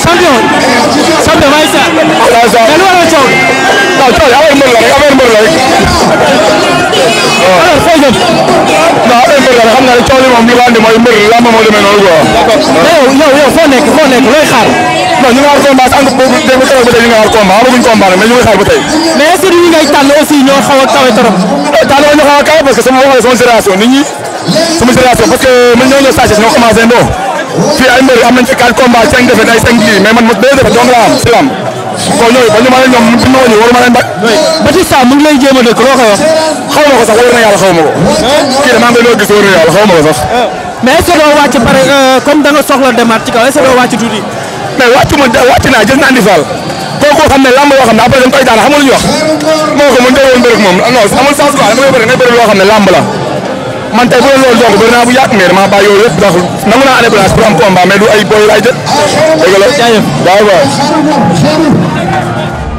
champion champion waaye saa. waaw saa mais lu waral coow. waaw coow yi affaire mbër la rek affaire mbër la rek. alors foo jëm. non affaire mbër la rek xam nga ne coow li moom li ko andi mooy mbër la ma moo demee noonu quoi. mais yow yow yow foo nekk foo nekk looy xaar. non ñu ngi xaar combat si ànd boobu dégg nga keroog ba tey ñu ngi xaar combat amaguñ combat nag mais ñu ngi xaar ba tey. mais est ce que ñi ngay tànn aussi ñoo xaw a kawe trop. tànn ñoo xaw a kawe parce que sama wax la sama génération nit ñi sama génération parce que man ñoo ñëw Sathiès ñoo commencé ndoo fii ay mbër am nañ fi 4 combats 5 défaites ay 5 lii mais man ma 2 laa am si kon ñooñu ba ñu mën a ñoom bu ñu ñëwoon waruma ba. Batista mu ngi lay jéem a dëkk loo koy wax. xaw ma ko sax wala na yàlla xaw ma ko. kii de maa ngi lay loo gis wala na yàlla xaw ma ko sax. mais est ce que doo wàcc euh, soxla demaat ci kaw est ce que doo wàcc tuuti. mais wàccu naa jël naa andi faal. kooku xam ne lamb yoo xam wax. moo ko mën nga woon loo xam ne lamb la man tey bu doon loolu donc bëri naa bu yàgg mais damaa bàyyi yooyu yëpp ndax nangu naa année blanche pour am combat mais du ay booy laay jël dëgg la jaajëf